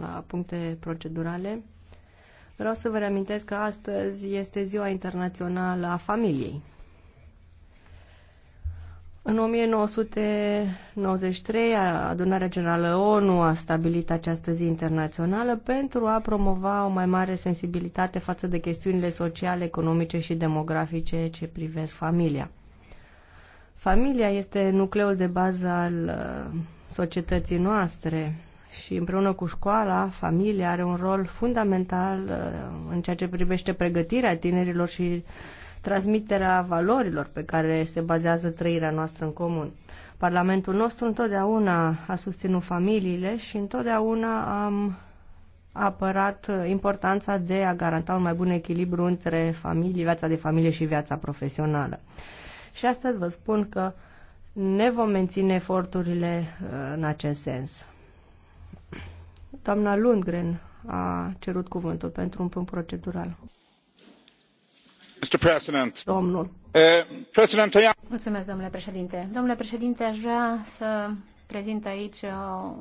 la puncte procedurale. Vreau să vă reamintesc că astăzi este Ziua Internațională a Familiei. În 1993, adunarea generală ONU a stabilit această zi internațională pentru a promova o mai mare sensibilitate față de chestiunile sociale, economice și demografice ce privesc familia. Familia este nucleul de bază al uh, societății noastre, și împreună cu școala, familia are un rol fundamental uh, în ceea ce privește pregătirea tinerilor și transmiterea valorilor pe care se bazează trăirea noastră în comun. Parlamentul nostru întotdeauna a susținut familiile și întotdeauna am apărat uh, importanța de a garanta un mai bun echilibru între familie, viața de familie și viața profesională. Și astăzi vă spun că ne vom menține eforturile uh, în acest sens. Doamna Lundgren a cerut cuvântul pentru un punct procedural. Mr. President. Domnul. Eh, Mulțumesc, domnule președinte. Domnule președinte, aș vrea să prezint aici uh,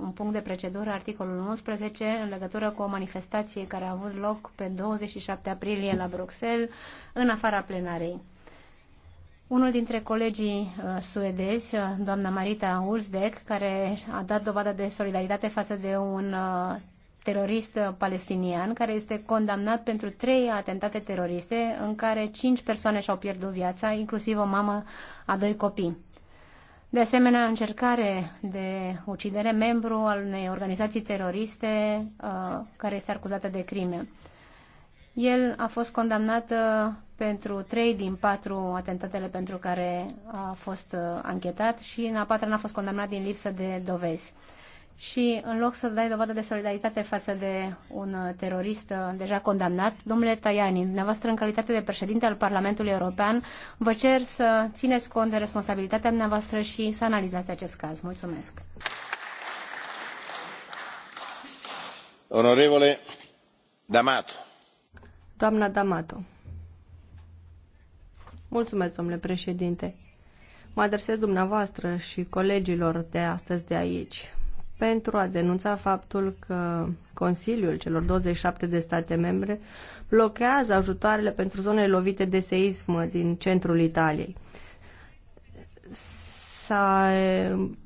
un punct de procedură, articolul 11, în legătură cu o manifestație care a avut loc pe 27 aprilie la Bruxelles, în afara plenarei. Unul dintre colegii uh, suedezi, uh, doamna Marita Ulsdek, care a dat dovadă de solidaritate față de un uh, terorist palestinian care este condamnat pentru trei atentate teroriste în care cinci persoane și-au pierdut viața, inclusiv o mamă a doi copii. De asemenea, încercare de ucidere membru al unei organizații teroriste uh, care este acuzată de crime. El a fost condamnat pentru trei din patru atentatele pentru care a fost uh, anchetat și în a patra n-a fost condamnat din lipsă de dovezi. Și în loc să dai dovadă de solidaritate față de un uh, terorist uh, deja condamnat, domnule Tajani, dumneavoastră în calitate de președinte al Parlamentului European, vă cer să țineți cont de responsabilitatea dumneavoastră și să analizați acest caz. Mulțumesc. Onorevole D'Amato. Doamna D'Amato Mulțumesc, domnule președinte. Mă adresez dumneavoastră și colegilor de astăzi de aici pentru a denunța faptul că Consiliul celor 27 de state membre blochează ajutoarele pentru zonele lovite de seism din centrul Italiei. S-a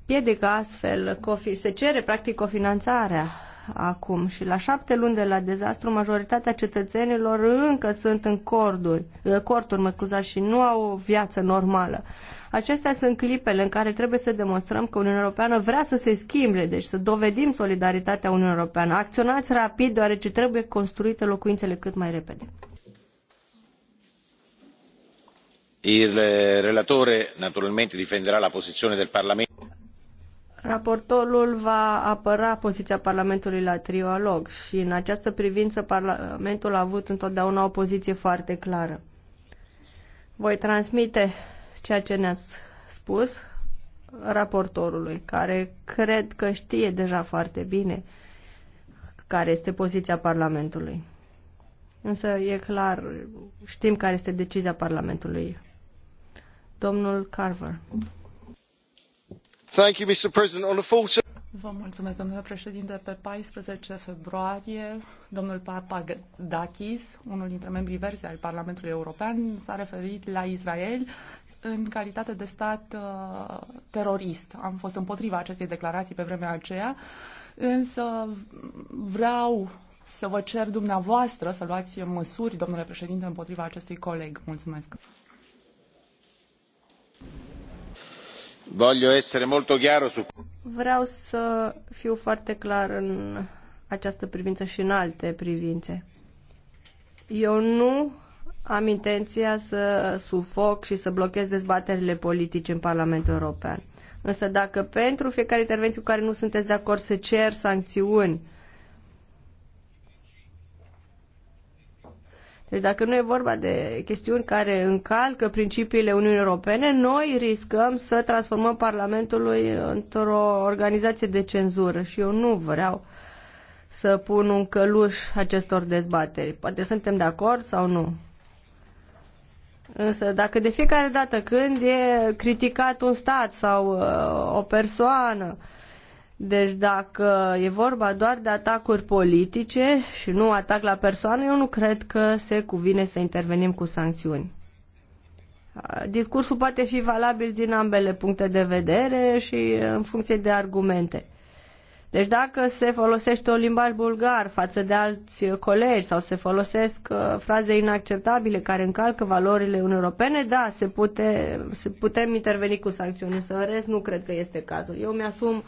piedică astfel, se cere practic cofinanțarea acum și la șapte luni de la dezastru, majoritatea cetățenilor încă sunt în corduri, eh, corturi mă scuza, și nu au o viață normală. Acestea sunt clipele în care trebuie să demonstrăm că Uniunea Europeană vrea să se schimbe, deci să dovedim solidaritatea Uniunii Europeană. Acționați rapid, deoarece trebuie construite locuințele cât mai repede. Il relatore naturalmente difenderà la posizione del Parlamento. Raportorul va apăra poziția Parlamentului la trialog și în această privință Parlamentul a avut întotdeauna o poziție foarte clară. Voi transmite ceea ce ne-ați spus raportorului, care cred că știe deja foarte bine care este poziția Parlamentului. Însă e clar, știm care este decizia Parlamentului. Domnul Carver domnule președinte pe paisprezece februarie domnul papadakis unul dintre membrii verzi ai parlamentului european s a referit la israel în calitate de stat uh, terorist. Am fost împotriva acestei declarații pe vremea aceea, însă vreau să vă cer dumneavoastră să luați măsuri, domnule președinte, împotriva acestui coleg. Mulțumesc. Voglio essere molto chiaro su... Vreau să fiu foarte clar în această privință și în alte privințe. Eu nu am intenția să sufoc și să blochez dezbaterile politice în Parlamentul European. Însă dacă pentru fiecare intervenție cu care nu sunteți de acord se cer sancțiuni Deci dacă nu e vorba de chestiuni care încalcă principiile Uniunii Europene, noi riscăm să transformăm Parlamentul într-o organizație de cenzură și eu nu vreau să pun un căluș acestor dezbateri. Poate suntem de acord sau nu. Însă dacă de fiecare dată când e criticat un stat sau uh, o persoană, uh, deci dacă e vorba doar de atacuri politice și nu atac la persoană, eu nu cred că se cuvine să intervenim cu sancțiuni. Discursul poate fi valabil din ambele puncte de vedere și în funcție de argumente. Deci dacă se folosește un limbaj bulgar față de alți colegi sau se folosesc uh, fraze inacceptabile care încalcă valorile Uniunii Europene, da, se, pute, se putem interveni cu sancțiuni, însă în rest nu cred că este cazul. Eu mi-asum uh,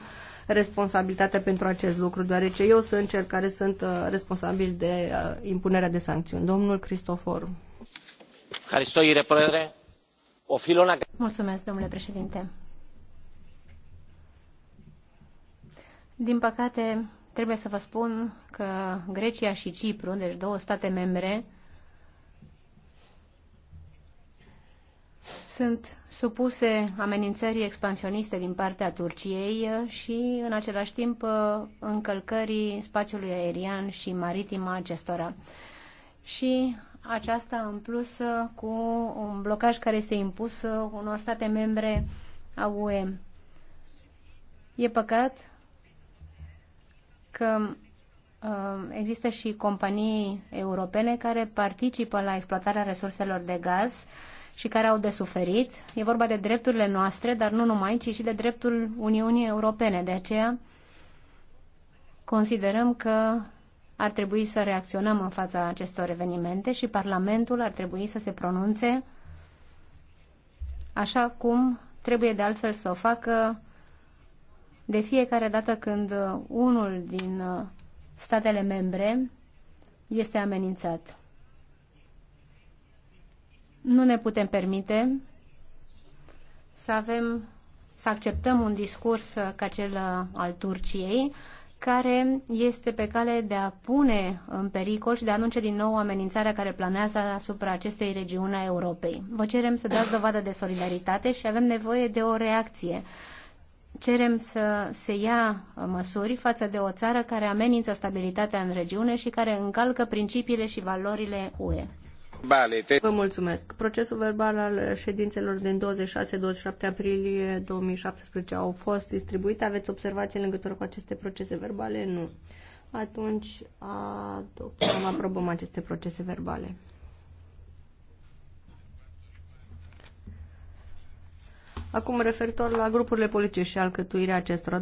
responsabilitatea pentru acest lucru, deoarece eu sunt cel care sunt uh, responsabil de uh, impunerea de sancțiuni. Domnul Cristoforu. Mulțumesc, domnule președinte. Din păcate, trebuie să vă spun că Grecia și Cipru, deci două state membre, sunt supuse amenințării expansioniste din partea Turciei uh, și, în același timp, uh, încălcării spațiului aerian și maritim a acestora. Și aceasta, în plus, uh, cu un blocaj care este impus unor state membre a UE. E păcat că există și companii europene care participă la exploatarea resurselor de gaz și care au de suferit. E vorba de drepturile noastre, dar nu numai, ci și de dreptul Uniunii Europene. De aceea considerăm că ar trebui să reacționăm în fața acestor evenimente și Parlamentul ar trebui să se pronunțe așa cum trebuie de altfel să o facă de fiecare dată când unul din uh, statele membre este amenințat. Nu ne putem permite să avem să acceptăm un discurs uh, ca cel uh, al Turciei, care este pe cale de a pune în pericol și de a anunce din nou amenințarea care planează asupra acestei regiuni a Europei. Vă cerem să dați dovadă de solidaritate și avem nevoie de o reacție. Cerem să se ia uh, măsuri față de o țară care amenință stabilitatea în regiune și care încalcă principiile și valorile UE. Vă mulțumesc. Procesul verbal al ședințelor din 26-27 aprilie 2017 au fost distribuite. Aveți observații în legătură cu aceste procese verbale? Nu. Atunci adoptăm, aprobăm aceste procese verbale. Acum referitor la grupurile politice și alcătuirea acestora.